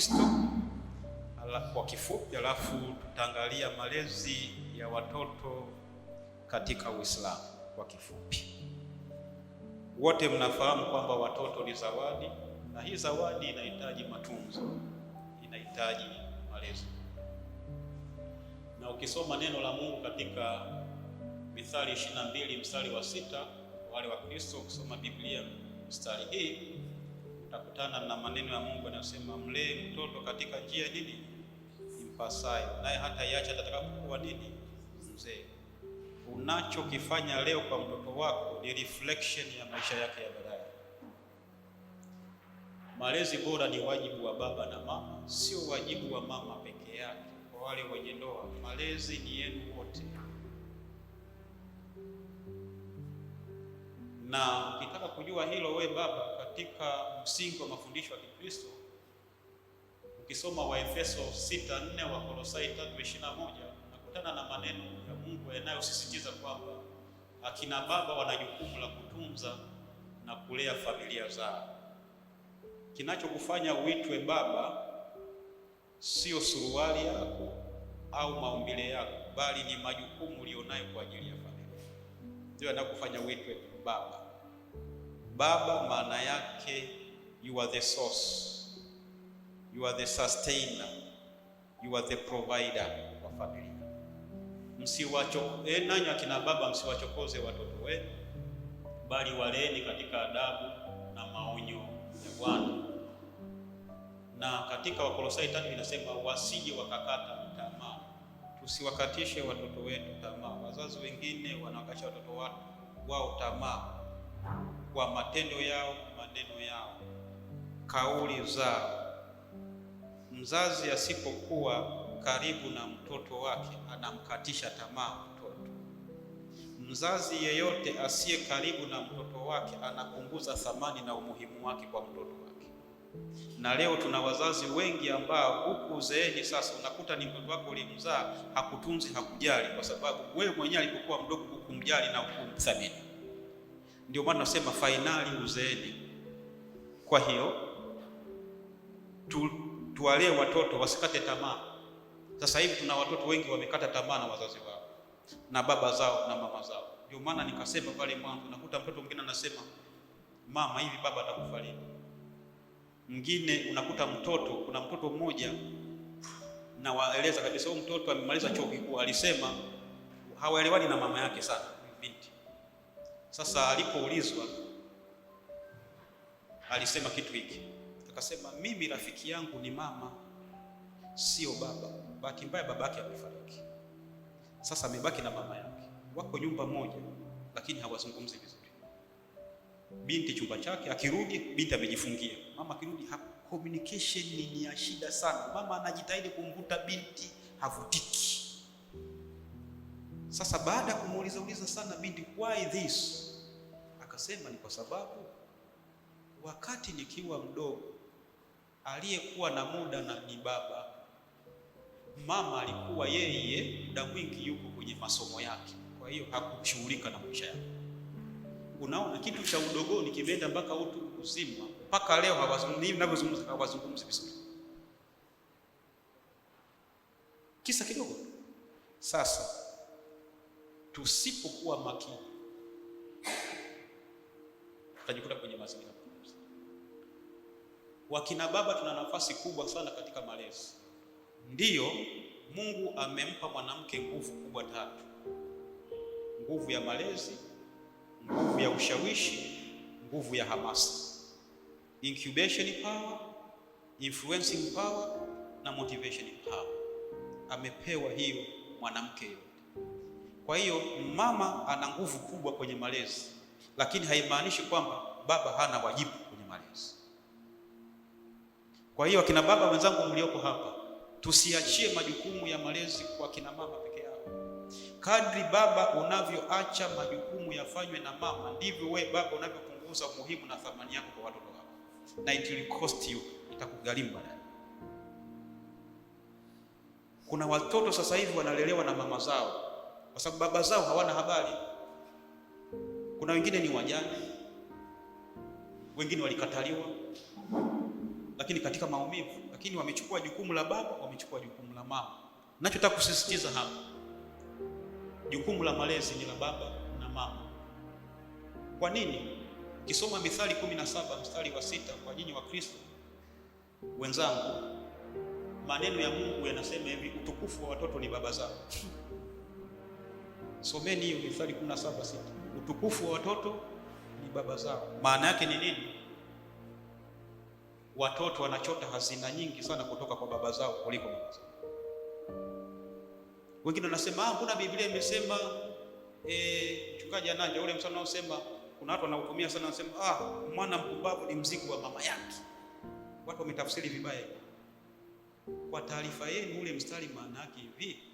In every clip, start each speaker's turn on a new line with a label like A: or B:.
A: Kristo kwa kifupi, alafu tutaangalia malezi ya watoto katika Uislamu kwa kifupi. Wote mnafahamu kwamba watoto ni zawadi, na hii zawadi inahitaji matunzo, inahitaji malezi. Na ukisoma neno la Mungu katika Mithali 22 mstari wa sita, wale wa Kristo kusoma Biblia mstari hii utakutana na maneno ya Mungu yanayosema mlee mtoto katika njia nini impasayo, naye hata iacha atakapokuwa nini mzee. Unachokifanya leo kwa mtoto wako ni reflection ya maisha yake ya baadaye. Malezi bora ni wajibu wa baba na mama, sio wajibu wa mama peke yake. Kwa wale wenye ndoa, malezi ni yenu wote. na ukitaka kujua hilo we baba, katika msingi wa mafundisho ya Kikristo ukisoma Waefeso 6:4 wa Kolosai 3:21 nakutana na maneno ya Mungu yanayosisitiza kwamba akina baba wana jukumu la kutunza na kulea familia zao. Kinachokufanya uitwe baba sio suruali yako au maumbile yako, bali ni majukumu ulionayo kwa ajili ya familia, ndio yanakufanya uitwe baba. Baba maana yake you are the source, you are the sustainer, you are the provider wa familia. Msiwachokoze eh, nanyi akina baba, msiwachokoze watoto wenu, bali waleni katika adabu na maonyo ya Bwana. Na katika Wakolosai tatu inasema wasije wakakata tamaa. Tusiwakatishe watoto wetu tamaa. Wazazi wengine wanawakatisha watoto wao tamaa kwa matendo yao, maneno yao, kauli zao. Mzazi asipokuwa karibu na mtoto wake anamkatisha tamaa mtoto. Mzazi yeyote asiye karibu na mtoto wake anapunguza thamani na umuhimu wake kwa mtoto wake. Na leo tuna wazazi wengi ambao huku uzeeni sasa unakuta ni mtoto wako ulimzaa, hakutunzi, hakujali, kwa sababu wewe mwenyewe alipokuwa mdogo hukumjali na hukumthamini. Ndio maana nasema fainali uzeeni. Kwa hiyo tu, tuwalee watoto wasikate tamaa. Sasa hivi tuna watoto wengi wamekata tamaa na wazazi wao na baba zao na mama zao. Ndio maana nikasema pale mwanzo, nakuta mtoto mwingine anasema mama, hivi baba atakufa lini? Mwingine unakuta mtoto, kuna mtoto mmoja nawaeleza kabisa, huyo mtoto amemaliza chuo kikuu, alisema hawaelewani na mama yake sana sasa alipoulizwa alisema kitu hiki, akasema mimi rafiki yangu ni mama, sio baba. Bahati mbaya baba yake amefariki, sasa amebaki na mama yake, wako nyumba moja, lakini hawazungumzi vizuri. Binti chumba chake, akirudi binti amejifungia, mama akirudi communication ni ya shida sana. Mama anajitahidi kumvuta binti, havutiki. Sasa baada ya kumuuliza uliza sana binti, why this Nasema ni kwa sababu wakati nikiwa mdogo aliyekuwa na muda na ni baba. Mama alikuwa yeye muda mwingi yuko kwenye masomo yake, kwa hiyo hakushughulika na maisha yake. Unaona, kitu cha udogoni kimeenda mpaka utu uzima, mpaka leo ninavyozungumza hawazungumzi vizuri, kisa kidogo. Sasa tusipokuwa makini utajikuta kwenye mazingira Wakina baba tuna nafasi kubwa sana katika malezi. Ndiyo, Mungu amempa mwanamke nguvu kubwa tatu: nguvu ya malezi, nguvu ya ushawishi, nguvu ya hamasa, incubation power, influencing power na motivation power. Amepewa hiyo mwanamke yote. Kwa hiyo mama ana nguvu kubwa kwenye malezi lakini haimaanishi kwamba baba hana wajibu kwenye malezi. Kwa hiyo akina baba wenzangu mlioko hapa, tusiachie majukumu ya malezi kwa kina mama peke yao. Kadri baba unavyoacha majukumu yafanywe na mama, ndivyo wewe baba unavyopunguza umuhimu na thamani yako kwa watoto wako, na it will cost you, itakugharimu baadaye. Kuna watoto sasa hivi wanalelewa na mama zao kwa sababu baba zao hawana habari kuna wengine ni wajane, wengine walikataliwa, lakini katika maumivu, lakini wamechukua jukumu la baba, wamechukua jukumu la mama. Nachotaka kusisitiza hapa, jukumu la malezi ni la baba na mama. Kwa nini? Ukisoma Mithali 17 mstari wa sita, kwa nyinyi wa Kristo wenzangu, maneno ya Mungu yanasema hivi, utukufu wa watoto ni baba zao. Someni hiyo Mithali sita utukufu wa watoto ni baba zao. Maana yake ni nini? Watoto wanachota hazina nyingi sana kutoka kwa baba zao kuliko mama zao. Wengine wanasema ah, mbona Biblia imesema eh, mchungaji ananja ule msana unaosema kuna watu wanautumia sana, wanasema ah, mwana mpumbavu ni mzigo wa mama yake. Watu wametafsiri vibaya. Kwa taarifa yenu, ule mstari maana yake hivi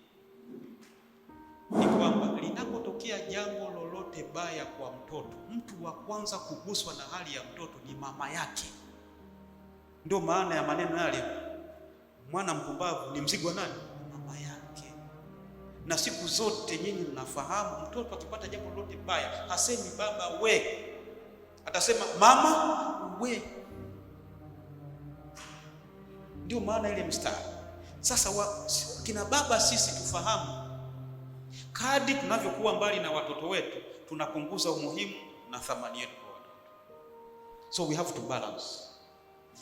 A: ni kwamba linapotokea jambo lolote baya kwa mtoto, mtu wa kwanza kuguswa na hali ya mtoto ni mama yake. Ndio maana ya maneno yale, mwana mpumbavu ni mzigo wa nani? Mama yake. Na siku zote nyinyi mnafahamu, mtoto akipata jambo lolote baya hasemi baba we, atasema mama we. Ndio maana ile mstari sasa wa, kina baba sisi tufahamu Kadi tunavyokuwa mbali na watoto wetu, tunapunguza umuhimu na thamani yetu kwa watoto, so we have to balance.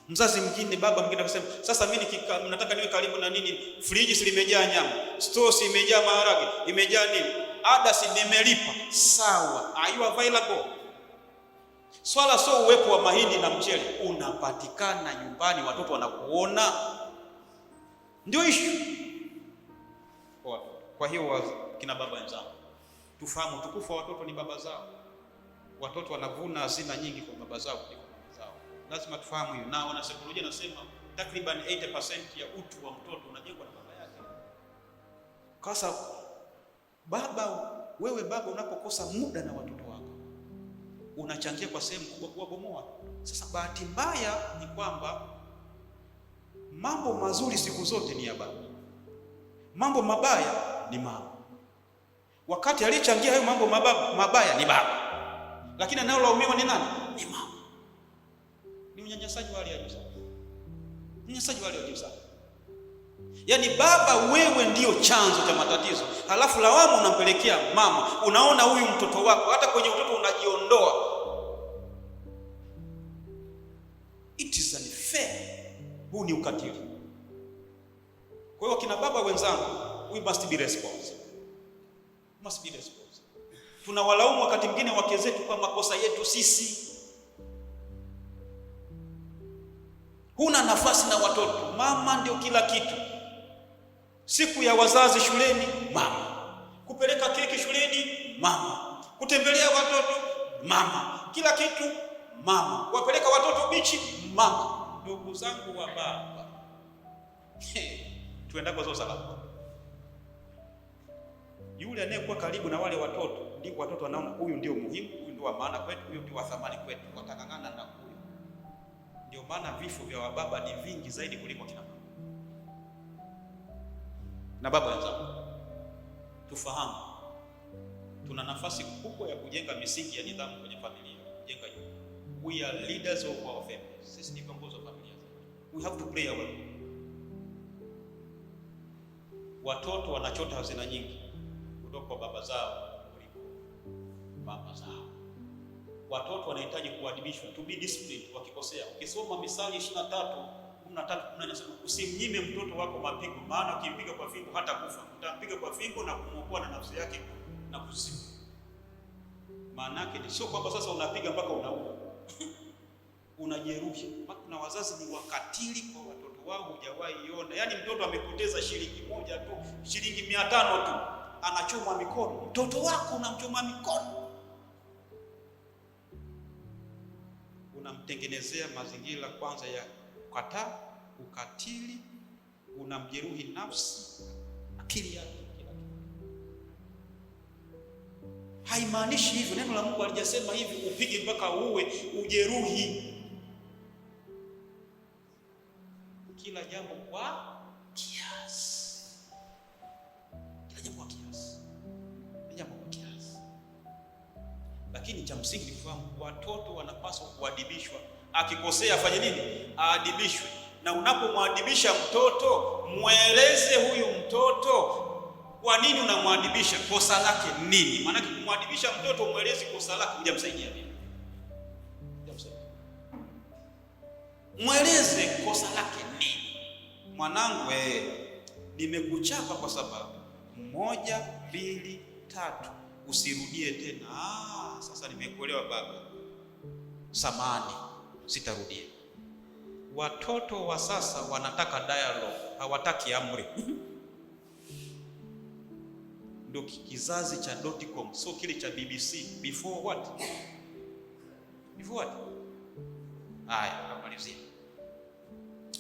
A: Mzazi mwingine, baba mwingine anasema, sasa mimi nataka niwe karibu na nini, friji limejaa nyama, stores imejaa maharage, imejaa nini, ada si nimelipa. Sawa, are you available? Swala sio uwepo wa mahindi na mchele, unapatikana nyumbani, watoto wanakuona, ndio issue Kwa hiyo kina baba wenzao. tufahamu utukufu wa watoto ni baba zao. Watoto wanavuna hazina nyingi kwa baba zao kuliko mama zao, lazima tufahamu hiyo. Na wanasaikolojia nasema takriban 80% ya utu wa mtoto unajengwa na baba yake. Kasa baba, wewe baba, unapokosa muda na watoto wako unachangia kwa sehemu kubwa kuwabomoa. Sasa bahati mbaya ni kwamba mambo mazuri siku zote ni ya baba, mambo mabaya ni mama wakati aliyechangia hayo mambo mabaya ni baba, lakini anayolaumiwa ni nani? Ni mama. Ni unyanyasaji wa hali ya juu sana, unyanyasaji wa hali ya juu sana. Yaani baba, wewe ndiyo chanzo cha matatizo, halafu lawama unampelekea mama. Unaona huyu mtoto wako, hata kwenye utoto unajiondoa. It is unfair. Huu ni ukatili. Kwa hiyo akina baba wenzangu, we must be responsible must be responsible. Tunawalaumu wakati mwingine wake zetu kwa makosa yetu sisi. Huna nafasi na watoto, mama ndio kila kitu. Siku ya wazazi shuleni, mama. Kupeleka keki shuleni, mama. Kutembelea watoto, mama. Kila kitu, mama. Kuwapeleka watoto bichi, mama. Ndugu zangu wa baba, tuendako zo salama yule anayekuwa karibu na wale watoto, ndipo watoto wanaona huyu ndio muhimu, huyu ndio wa maana kwetu, huyu ndio wa thamani kwetu, watakang'ana na huyu. Ndio maana vifo vya wababa ni vingi zaidi kuliko kina mama na baba wenzangu. Tufahamu tuna nafasi kubwa ya kujenga misingi ya nidhamu kwenye familia, kujenga hiyo. We are leaders of our families. Sisi ni viongozi wa familia zetu. We have to play our role. Watoto wanachota hazina nyingi kutoka kwa baba zao kuliko mama zao. Watoto wanahitaji kuadibishwa, to be disciplined wakikosea. Ukisoma Misali 23 13 inasema usimnyime mtoto wako mapigo, maana ukimpiga kwa fimbo hata kufa, utampiga kwa fimbo na kumwokoa na nafsi yake na kuzimu. Maana yake ni sio kwamba sasa unapiga mpaka unaua unajeruhi. Kuna wazazi ni wakatili kwa watoto wao, hujawahi iona. Yaani mtoto amepoteza shilingi moja tu, shilingi mia tano tu anachomwa mikono, mtoto wako unamchoma mikono, unamtengenezea mazingira kwanza ya kukataa ukatili, unamjeruhi nafsi, akili yake haimaanishi hivyo. Neno la Mungu alijasema hivi, upige mpaka uwe ujeruhi mzee afanye nini? Aadibishwe. Na unapomwadibisha mtoto, mweleze huyu mtoto kwa nini unamwadibisha, kosa lake nini? Maanake kumwadibisha mtoto mwelezi kosa lake, hujamsaidia nini? Mweleze kosa lake nini. Mwanangu, eh, nimekuchapa kwa sababu moja, mbili, tatu, usirudie tena. Ah, sasa nimekuelewa baba, samani sitarudia. Watoto wa sasa wanataka dialogue, hawataki amri. Ndio kizazi cha dotcom, so kile cha BBC before what? Before what? Haya, namalizia.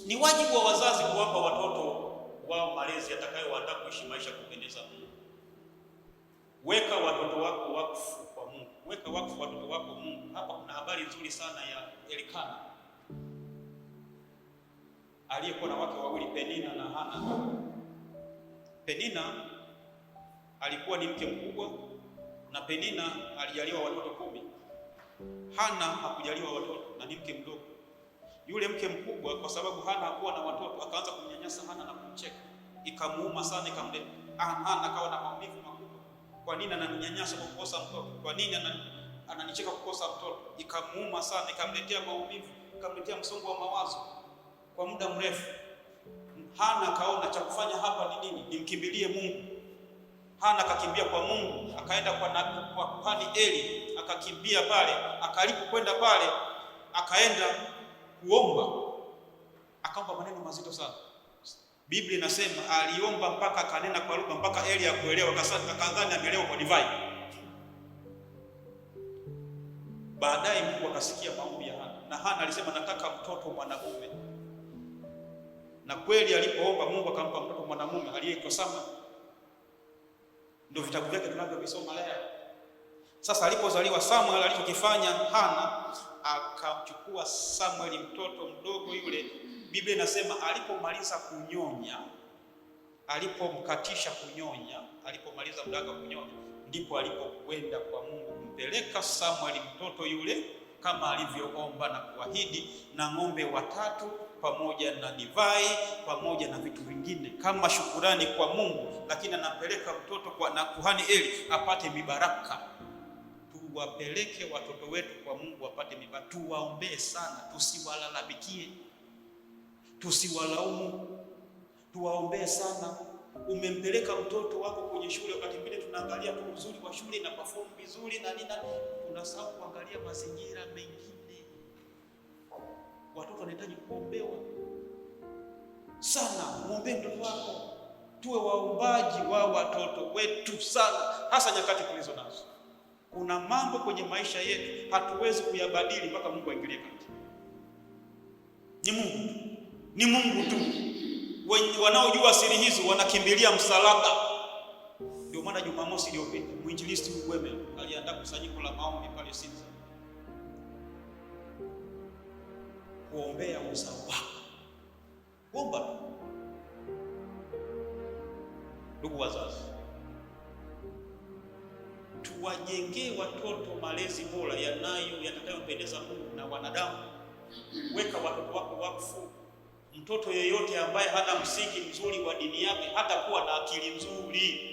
A: Ni wajibu wa wazazi kuwapa watoto wao malezi yatakayowaandaa kuishi maisha kupendeza Mungu. Weka watoto wako wakfu weka wakfu watoto wako Mungu. Hapa kuna habari nzuri sana ya Elikana aliyekuwa na wake wawili, Penina na Hana. Penina alikuwa ni mke mkubwa, na Penina alijaliwa watoto kumi. Hana hakujaliwa watoto na ni mke mdogo. Yule mke mkubwa, kwa sababu Hana hakuwa na watoto, akaanza kumnyanyasa Hana na kumcheka, ikamuuma sana, ikamleta Hana akawa na maumivu kwa nini ananinyanyasa kwa kukosa mtoto? Kwa nini ananicheka kukosa mtoto? Ikamuuma sana, ikamletea maumivu, ikamletea msongo wa mawazo kwa muda mrefu. Hana kaona cha kufanya hapa ni nini? Nimkimbilie Mungu. Hana akakimbia kwa Mungu, akaenda kwa nabii, kwa kuhani Eli, akakimbia pale, kwenda pale, akaenda kuomba, akaomba maneno mazito sana Biblia inasema aliomba mpaka akanena kwa lugha mpaka Elia kuelewa, akadhani ameelewa kwa divai. Baadaye Mungu akasikia maombi ya Hana, na Hana alisema nataka mtoto mwanamume, na kweli alipoomba Mungu akampa mtoto mwanamume aliyeitwa Sama. Ndio vitabu vyake tunavyovisoma leo. Sasa alipozaliwa Samuel, alichokifanya Hana akamchukua Samuel mtoto mdogo yule Biblia inasema alipomaliza kunyonya, alipomkatisha kunyonya, alipomaliza muda kunyonya, ndipo alipokwenda kwa Mungu kumpeleka samweli mtoto yule kama alivyoomba na kuahidi, na ng'ombe watatu pamoja na divai pamoja na vitu vingine kama shukurani kwa Mungu, lakini anapeleka mtoto kwa na kuhani Eli apate mibaraka. Tuwapeleke watoto wetu kwa Mungu apate mibaraka, tuwaombee sana, tusiwalalamikie tusiwalaumu, tuwaombee sana. Umempeleka mtoto wako kwenye shule, wakati mwingine tunaangalia tu uzuri wa shule na perform vizuri na nina, unasahau kuangalia mazingira mengine. Watoto wanahitaji kuombewa sana. Muombe mtoto wako, tuwe waombaji wa watoto wetu sana, hasa nyakati tulizo nazo. Kuna mambo kwenye maisha yetu hatuwezi kuyabadili mpaka Mungu aingilie kati, ni Mungu ni Mungu tu. Wanaojua siri hizo wanakimbilia msalaba. Ndio maana Jumamosi iliyopita mwinjilisti Ugweme aliandaa kusanyiko la maombi pale Sinza kuombea uzao wako. tu, ndugu wazazi, tuwajengee watoto malezi bora yanayo yatakayopendeza Mungu na wanadamu. Weka watoto wako wakfu Mtoto yeyote ambaye hana msingi mzuri wa dini yake hatakuwa na akili nzuri.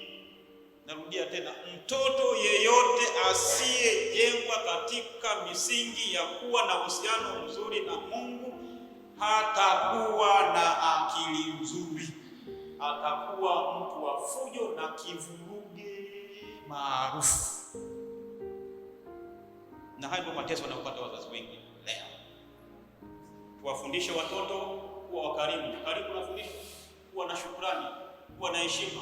A: Narudia tena, mtoto yeyote asiyejengwa katika misingi ya kuwa na uhusiano mzuri na Mungu hatakuwa na akili nzuri, atakuwa mtu wa fujo na kivuruge maarufu, na hayo ndio mateso wanayopata wazazi wengi leo. Tuwafundishe watoto kuwa wakarimu. Karimu nafundisha kuwa na shukrani, kuwa na heshima,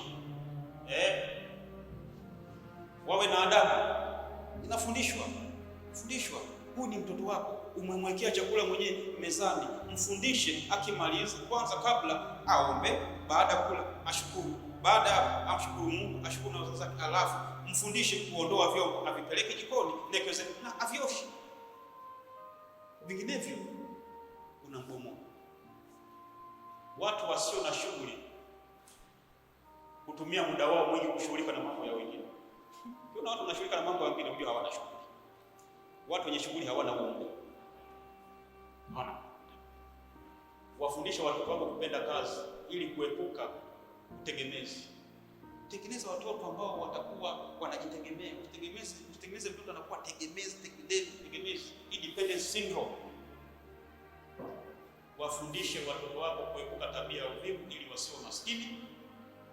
A: eh, wawe na adabu. Inafundishwa fundishwa, huyu ni mtoto wako, umemwekea chakula mwenyewe mezani, mfundishe. Akimaliza kwanza, kabla aombe, baada kula ashukuru, baada amshukuru Mungu, ashukuru na wazazi wake, alafu mfundishe kuondoa vyombo, avipeleke jikoni na avyoshi, vinginevyo unambomoa watu wasio na shughuli kutumia muda wao mwingi kushughulika na mambo ya wengine. Kuna watu wanashughulika na mambo ya wengine, ndio hawana shughuli. Watu wenye shughuli hawana uongo. Unaona, wafundisha watoto wako kupenda kazi ili kuepuka utegemezi. Tengeneza watoto ambao watakuwa wanajitegemea. Usitengeneze mtoto anakuwa tegemezi, tegemezi, tegemezi, independence syndrome wafundishe watoto wako kuepuka tabia ya uvivu ili wasiwe maskini.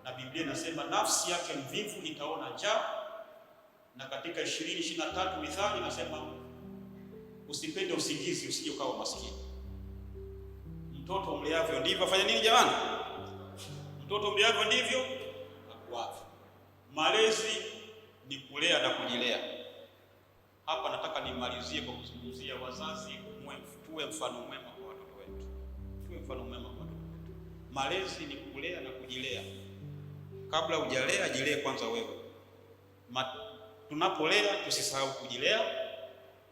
A: Na Biblia inasema nafsi yake mvivu itaona njaa, na katika 20:23 Mithali inasema usipende usingizi usije ukawa maskini. Mtoto mleavyo ndivyo afanya nini jamani? Mtoto mleavyo ndivyo akuavyo. Malezi ni kulea na kujilea. Hapa nataka nimalizie kwa kuzungumzia wazazi, tuwe mfano mwema mfano mwema kwa watoto Malezi ni kulea na kujilea. Kabla hujalea, jilee kwanza wewe. Tunapolea tusisahau kujilea,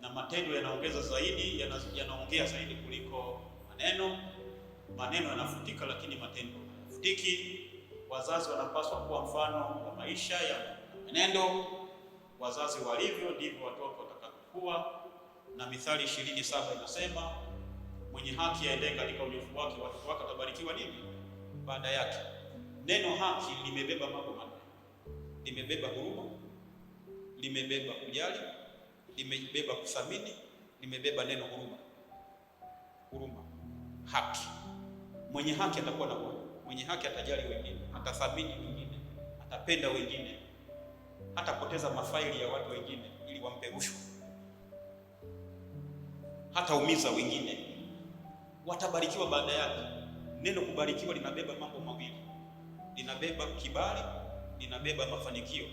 A: na matendo yanaongeza zaidi, yanaongea ya zaidi kuliko maneno. Maneno yanafutika, lakini matendo hayafutiki. Wazazi wanapaswa kuwa mfano wa maisha ya mwenendo. Wazazi walivyo ndivyo watoto watakavyokuwa, na Mithali ishirini saba inasema mwenye haki aendee katika unyofu wake, watoto wake watabarikiwa nini baada yake? Neno haki limebeba mambo manne, limebeba huruma, limebeba kujali, limebeba kuthamini, limebeba neno huruma. Huruma, haki. Mwenye haki atakuwa na huruma, mwenye haki atajali wengine, atathamini wengine, atapenda wengine, hatapoteza mafaili ya watu wengine ili wampe rushwa, hataumiza wengine watabarikiwa baada yake. Neno kubarikiwa linabeba mambo mawili, linabeba kibali, linabeba mafanikio.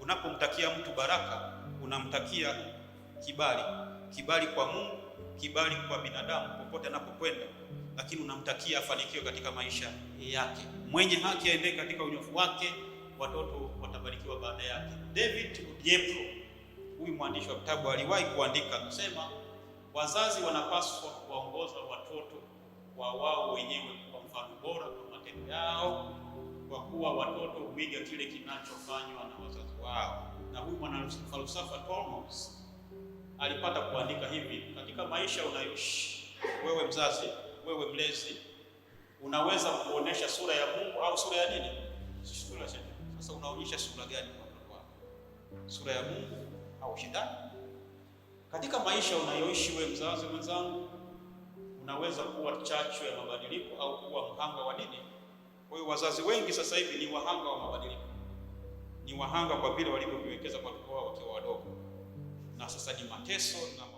A: Unapomtakia mtu baraka, unamtakia kibali, kibali kwa Mungu, kibali kwa binadamu popote anapokwenda, lakini unamtakia afanikiwe katika maisha yake. Mwenye haki aende katika unyofu wake, watoto watabarikiwa baada yake. David Oyepro, huyu mwandishi wa kitabu, aliwahi kuandika kusema, wazazi wanapaswa kwa wao wenyewe kwa mfano bora kwa matendo yao, kwa kuwa watoto huiga kile kinachofanywa na wazazi wao. Na huyu mwanafalsafa Thomas alipata kuandika hivi: katika maisha unayoishi wewe mzazi, wewe mlezi, unaweza kuonesha sura ya Mungu au sura ya nini? Sura ya Sasa unaonyesha sura gani kwa mtoto wako? Sura ya Mungu au Shetani? Katika maisha unayoishi wewe mzazi mwenzangu unaweza kuwa chachu ya mabadiliko au kuwa mhanga wa nini. Kwa hiyo wazazi wengi sasa hivi ni wahanga wa mabadiliko, ni wahanga kwa vile walivyoviwekeza kwa watoto wao wakiwa wadogo, na sasa ni mateso na